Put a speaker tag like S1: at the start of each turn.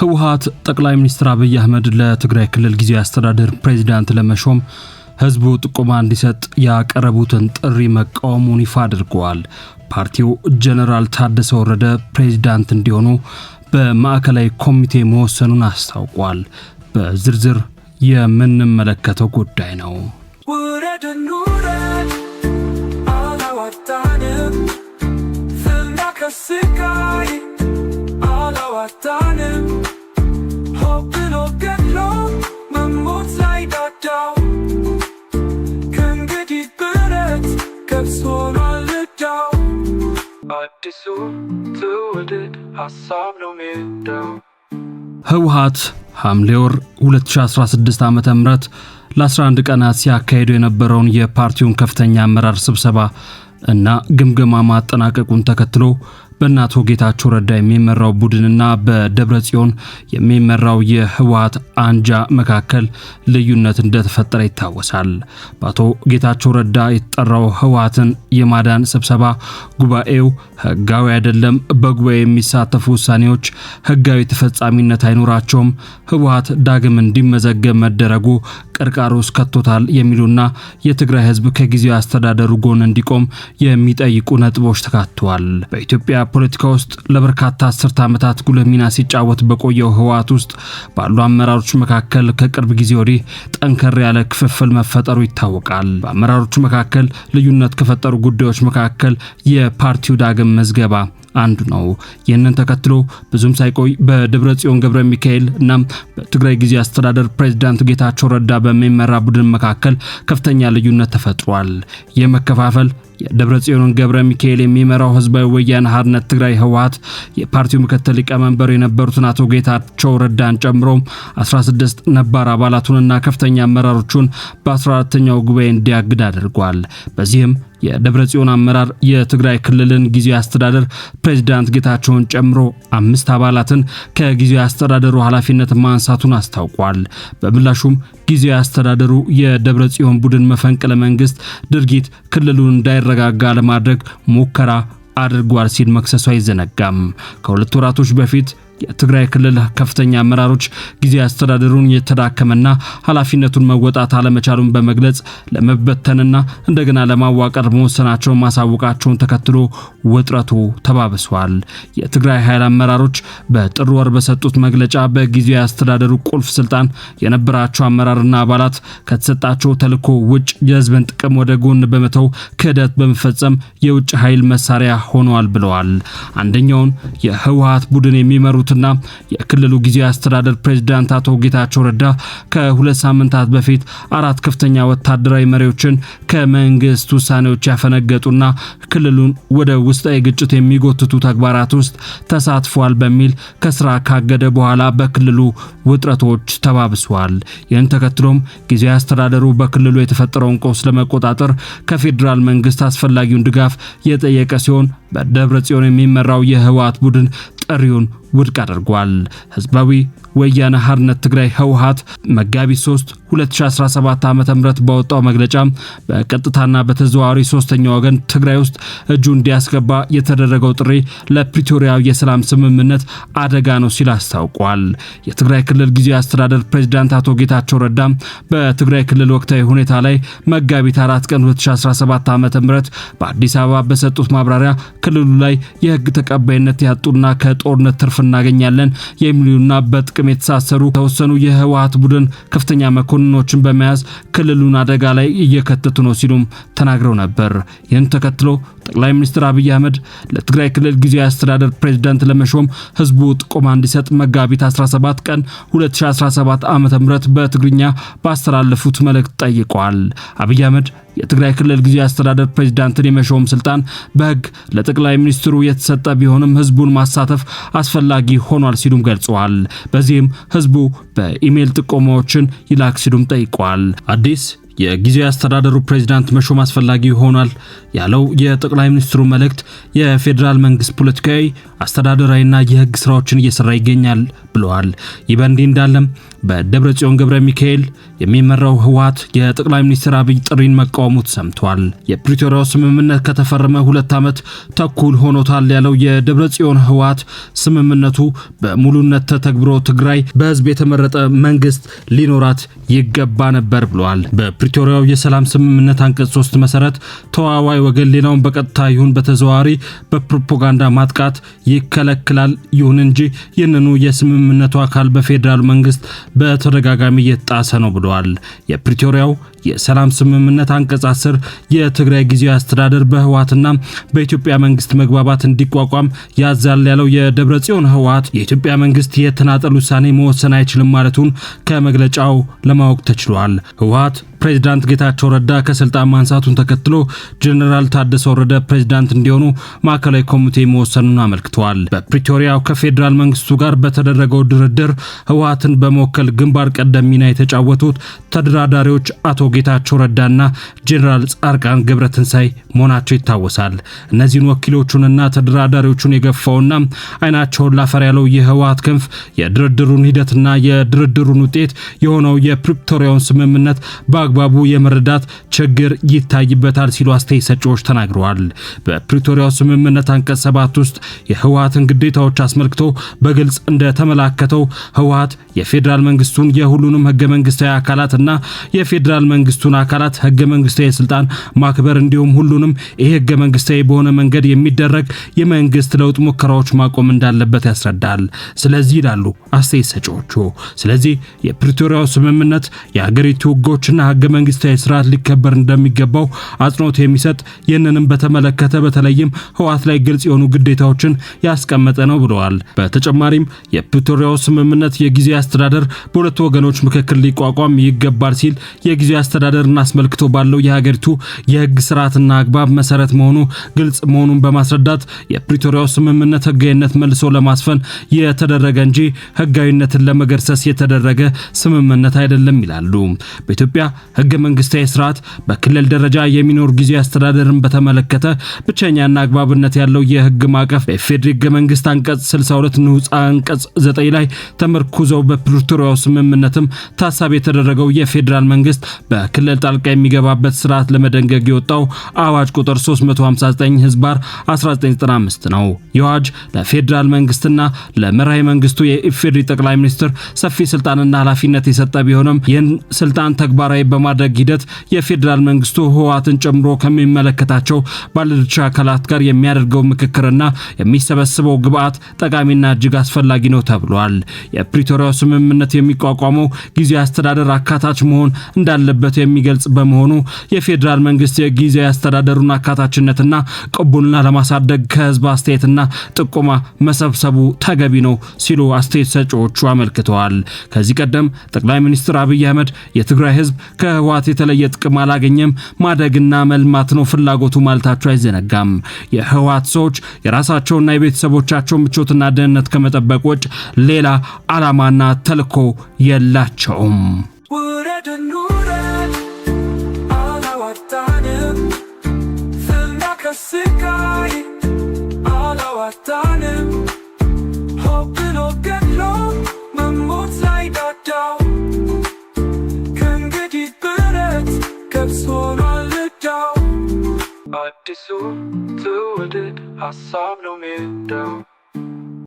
S1: ህወሓት ጠቅላይ ሚኒስትር አብይ አህመድ ለትግራይ ክልል ጊዜያዊ አስተዳደር ፕሬዚዳንት ለመሾም ህዝቡ ጥቆማ እንዲሰጥ ያቀረቡትን ጥሪ መቃወሙን ይፋ አድርገዋል። ፓርቲው ጀነራል ታደሰ ወረደ ፕሬዚዳንት እንዲሆኑ በማዕከላዊ ኮሚቴ መወሰኑን አስታውቋል። በዝርዝር የምንመለከተው ጉዳይ ነው። አላዋጣንም ፍና ትውልድ ሀሳብ ህወሓት ሐምሌ ወር 2016 ዓ ም ለ11 ቀናት ሲያካሄዱ የነበረውን የፓርቲውን ከፍተኛ አመራር ስብሰባ እና ግምገማ ማጠናቀቁን ተከትሎ በእነ አቶ ጌታቸው ረዳ የሚመራው ቡድንና በደብረ ጽዮን የሚመራው የህወሀት አንጃ መካከል ልዩነት እንደተፈጠረ ይታወሳል። በአቶ ጌታቸው ረዳ የተጠራው ህወሀትን የማዳን ስብሰባ ጉባኤው ህጋዊ አይደለም፣ በጉባኤ የሚሳተፉ ውሳኔዎች ህጋዊ ተፈጻሚነት አይኖራቸውም፣ ህወሀት ዳግም እንዲመዘገብ መደረጉ ቀርቃሮ ውስጥ ከቶታል የሚሉና የትግራይ ህዝብ ከጊዜው አስተዳደሩ ጎን እንዲቆም የሚጠይቁ ነጥቦች ተካተዋል። በኢትዮጵያ ፖለቲካ ውስጥ ለበርካታ አስርት ዓመታት ጉልህ ሚና ሲጫወት በቆየው ህወሓት ውስጥ ባሉ አመራሮች መካከል ከቅርብ ጊዜ ወዲህ ጠንከር ያለ ክፍፍል መፈጠሩ ይታወቃል። በአመራሮቹ መካከል ልዩነት ከፈጠሩ ጉዳዮች መካከል የፓርቲው ዳግም መዝገባ አንዱ ነው። ይህንን ተከትሎ ብዙም ሳይቆይ በደብረ ጽዮን ገብረ ሚካኤል እናም በትግራይ ጊዜ አስተዳደር ፕሬዝዳንት ጌታቸው ረዳ በሚመራ ቡድን መካከል ከፍተኛ ልዩነት ተፈጥሯል። የመከፋፈል የደብረጽዮንን ገብረ ሚካኤል የሚመራው ህዝባዊ ወያነ ሓርነት ትግራይ ህወሓት የፓርቲው ምክትል ሊቀመንበር የነበሩትን አቶ ጌታቸው ረዳን ጨምሮ 16 ነባር አባላቱንና ከፍተኛ አመራሮቹን በ14ተኛው ጉባኤ እንዲያግድ አድርጓል። በዚህም የደብረ ጽዮን አመራር የትግራይ ክልልን ጊዜያዊ አስተዳደር ፕሬዚዳንት ጌታቸውን ጨምሮ አምስት አባላትን ከጊዜያዊ አስተዳደሩ ኃላፊነት ማንሳቱን አስታውቋል። በምላሹም ጊዜያዊ አስተዳደሩ የደብረ ጽዮን ቡድን መፈንቅለ መንግስት ድርጊት ክልሉን እንዳይራ እንዲረጋጋ ለማድረግ ሙከራ አድርጓል ሲል መክሰሱ አይዘነጋም። ከሁለት ወራቶች በፊት የትግራይ ክልል ከፍተኛ አመራሮች ጊዜ አስተዳደሩን የተዳከመና ኃላፊነቱን መወጣት አለመቻሉን በመግለጽ ለመበተንና እንደገና ለማዋቀር መወሰናቸውን ማሳወቃቸውን ተከትሎ ውጥረቱ ተባብሷል። የትግራይ ኃይል አመራሮች በጥር ወር በሰጡት መግለጫ በጊዜያዊ አስተዳደሩ ቁልፍ ስልጣን የነበራቸው አመራርና አባላት ከተሰጣቸው ተልዕኮ ውጭ የህዝብን ጥቅም ወደ ጎን በመተው ክህደት በመፈጸም የውጭ ኃይል መሳሪያ ሆነዋል ብለዋል። አንደኛውን የህወሀት ቡድን የሚመሩት እንዳሉትና የክልሉ ጊዜያዊ አስተዳደር ፕሬዚዳንት አቶ ጌታቸው ረዳ ከሁለት ሳምንታት በፊት አራት ከፍተኛ ወታደራዊ መሪዎችን ከመንግስት ውሳኔዎች ያፈነገጡና ክልሉን ወደ ውስጣዊ ግጭት የሚጎትቱ ተግባራት ውስጥ ተሳትፏል በሚል ከስራ ካገደ በኋላ በክልሉ ውጥረቶች ተባብሷል። ይህን ተከትሎም ጊዜያዊ አስተዳደሩ በክልሉ የተፈጠረውን ቀውስ ለመቆጣጠር ከፌዴራል መንግስት አስፈላጊውን ድጋፍ የጠየቀ ሲሆን በደብረ ጽዮን የሚመራው የህወሓት ቡድን ጥሪውን ውድቅ አድርጓል። ህዝባዊ ወያነ ሓርነት ትግራይ ህወሓት መጋቢት 3 2017 ዓ ም ባወጣው መግለጫ በቀጥታና በተዘዋዋሪ ሶስተኛ ወገን ትግራይ ውስጥ እጁ እንዲያስገባ የተደረገው ጥሪ ለፕሪቶሪያው የሰላም ስምምነት አደጋ ነው ሲል አስታውቋል። የትግራይ ክልል ጊዜያዊ አስተዳደር ፕሬዚዳንት አቶ ጌታቸው ረዳ በትግራይ ክልል ወቅታዊ ሁኔታ ላይ መጋቢት 4 ቀን 2017 ዓ ም በአዲስ አበባ በሰጡት ማብራሪያ ክልሉ ላይ የህግ ተቀባይነት ያጡና ከጦርነት ትርፍ እናገኛለን የሚሉና በጥቅም የተሳሰሩ የተወሰኑ የህወሀት ቡድን ከፍተኛ መኮንኖችን በመያዝ ክልሉን አደጋ ላይ እየከተቱ ነው ሲሉም ተናግረው ነበር። ይህን ተከትሎ ጠቅላይ ሚኒስትር አብይ አህመድ ለትግራይ ክልል ጊዜያዊ አስተዳደር ፕሬዝዳንት ለመሾም ህዝቡ ጥቆማ እንዲሰጥ መጋቢት 17 ቀን 2017 ዓ ም በትግርኛ ባስተላለፉት መልእክት ጠይቋል። አብይ አህመድ የትግራይ ክልል ጊዜያዊ አስተዳደር ፕሬዝዳንትን የመሾም ስልጣን በህግ ለጠቅላይ ሚኒስትሩ የተሰጠ ቢሆንም ህዝቡን ማሳተፍ አስፈላጊ ሆኗል ሲሉም ገልጸዋል። በዚህም ህዝቡ በኢሜይል ጥቆማዎችን ይላክ ሲሉም ጠይቋል። አዲስ የጊዜያዊ አስተዳደሩ ፕሬዚዳንት መሾም አስፈላጊ ይሆናል ያለው የጠቅላይ ሚኒስትሩ መልእክት የፌዴራል መንግስት ፖለቲካዊ፣ አስተዳደራዊና የህግ ስራዎችን እየሰራ ይገኛል ብለዋል። ይህ በእንዲህ እንዳለም በደብረ ጽዮን ገብረ ሚካኤል የሚመራው ህወሓት የጠቅላይ ሚኒስትር አብይ ጥሪን መቃወሙ ተሰምቷል። የፕሪቶሪያው ስምምነት ከተፈረመ ሁለት ዓመት ተኩል ሆኖታል ያለው የደብረ ጽዮን ህወሓት ስምምነቱ በሙሉነት ተተግብሮ ትግራይ በህዝብ የተመረጠ መንግስት ሊኖራት ይገባ ነበር ብለዋል። በፕሪቶሪያው የሰላም ስምምነት አንቀጽ ሶስት መሰረት ተዋዋይ ወገን ሌላውን በቀጥታ ይሁን በተዘዋዋሪ በፕሮፓጋንዳ ማጥቃት ይከለክላል። ይሁን እንጂ ይህንኑ የስምምነቱ አካል በፌዴራል መንግስት በተደጋጋሚ እየተጣሰ ነው ብለዋል። የፕሪቶሪያው የሰላም ስምምነት አንቀጽ 10 የትግራይ ጊዜያዊ አስተዳደር በህወሓትና በኢትዮጵያ መንግስት መግባባት እንዲቋቋም ያዛል ያለው የደብረ ጽዮን ህወሓት የኢትዮጵያ መንግስት የተናጠል ውሳኔ መወሰን አይችልም ማለቱን ከመግለጫው ለማወቅ ተችሏል። ህወሓት ፕሬዚዳንት ጌታቸው ረዳ ከስልጣን ማንሳቱን ተከትሎ ጀኔራል ታደሰ ወረደ ፕሬዚዳንት እንዲሆኑ ማዕከላዊ ኮሚቴ መወሰኑን አመልክተዋል። በፕሪቶሪያው ከፌዴራል መንግስቱ ጋር በተደረገው ድርድር ህወሓትን በመወከል ግንባር ቀደም ሚና የተጫወቱት ተደራዳሪዎች አቶ ጌታቸው ረዳና ጄኔራል ጻድቃን ገብረትንሳይ መሆናቸው ይታወሳል። እነዚህን ወኪሎቹንና ተደራዳሪዎቹን የገፋውና አይናቸውን ላፈር ያለው የህወሀት ክንፍ የድርድሩን ሂደትና የድርድሩን ውጤት የሆነው የፕሪቶሪያውን ስምምነት በአግባቡ የመረዳት ችግር ይታይበታል ሲሉ አስተያየት ሰጪዎች ተናግረዋል። በፕሪቶሪያው ስምምነት አንቀጽ ሰባት ውስጥ የህወሀትን ግዴታዎች አስመልክቶ በግልጽ እንደተመላከተው ህወሀት የፌዴራል መንግስቱን የሁሉንም ህገ መንግስታዊ አካላትና የፌዴራል መንግስቱን አካላት ህገ መንግስታዊ ስልጣን ማክበር እንዲሁም ሁሉንም ይህ ህገ መንግስታዊ በሆነ መንገድ የሚደረግ የመንግስት ለውጥ ሙከራዎች ማቆም እንዳለበት ያስረዳል። ስለዚህ ይላሉ አስተያየት ሰጪዎቹ፣ ስለዚህ የፕሪቶሪያው ስምምነት የሀገሪቱ ህጎችና ህገ መንግስታዊ ስርዓት ሊከበር እንደሚገባው አጽንኦት የሚሰጥ ይህንንም በተመለከተ በተለይም ህወሓት ላይ ግልጽ የሆኑ ግዴታዎችን ያስቀመጠ ነው ብለዋል። በተጨማሪም የፕሪቶሪያው ስምምነት የጊዜ አስተዳደር በሁለቱ ወገኖች ምክክል ሊቋቋም ይገባል ሲል የጊዜ አስተዳደርን አስመልክቶ ባለው የሀገሪቱ የህግ ስርዓትና አግባብ መሰረት መሆኑ ግልጽ መሆኑን በማስረዳት የፕሪቶሪያው ስምምነት ህጋዊነት መልሶ ለማስፈን የተደረገ እንጂ ህጋዊነትን ለመገርሰስ የተደረገ ስምምነት አይደለም ይላሉ። በኢትዮጵያ ህገ መንግስታዊ ስርዓት በክልል ደረጃ የሚኖር ጊዜ አስተዳደርን በተመለከተ ብቸኛና አግባብነት ያለው የህግ ማዕቀፍ በኢፌዴሪ ህገ መንግስት አንቀጽ 62 ንዑስ አንቀጽ 9 ላይ ተመርኩዘው በፕሪቶሪያው ስምምነትም ታሳቢ የተደረገው የፌዴራል መንግስት በ በክልል ጣልቃ የሚገባበት ስርዓት ለመደንገግ የወጣው አዋጅ ቁጥር 359 ህዝባር 1995 ነው። ይህ ለፌዴራል መንግስትና ለመራሄ መንግስቱ የኢፌዴሪ ጠቅላይ ሚኒስትር ሰፊ ስልጣንና ኃላፊነት የሰጠ ቢሆንም ይህን ስልጣን ተግባራዊ በማድረግ ሂደት የፌዴራል መንግስቱ ህወሓትን ጨምሮ ከሚመለከታቸው ባለድርሻ አካላት ጋር የሚያደርገው ምክክርና የሚሰበስበው ግብዓት ጠቃሚና እጅግ አስፈላጊ ነው ተብሏል። የፕሪቶሪያው ስምምነት የሚቋቋመው ጊዜያዊ አስተዳደር አካታች መሆን እንዳለበት እንዳለበት የሚገልጽ በመሆኑ የፌዴራል መንግስት የጊዜ አስተዳደሩን አካታችነትና ቅቡልና ለማሳደግ ከህዝብ አስተያየትና ጥቆማ መሰብሰቡ ተገቢ ነው ሲሉ አስተያየት ሰጪዎቹ አመልክተዋል። ከዚህ ቀደም ጠቅላይ ሚኒስትር አብይ አህመድ የትግራይ ህዝብ ከህወሓት የተለየ ጥቅም አላገኘም፣ ማደግና መልማት ነው ፍላጎቱ ማለታቸው አይዘነጋም። የህወሓት ሰዎች የራሳቸውና የቤተሰቦቻቸው ምቾትና ደህንነት ከመጠበቅ ውጭ ሌላ ዓላማና ተልኮ የላቸውም። ከስቃይ አላዋጣንም ሆብሎ ገድሎ መሞት ላይ ዳዳው ከእንግዲህ ብረት ገብስ ሆኗል እዳው አዲሱ ትውልድ ሀሳብ ነው ሜዳው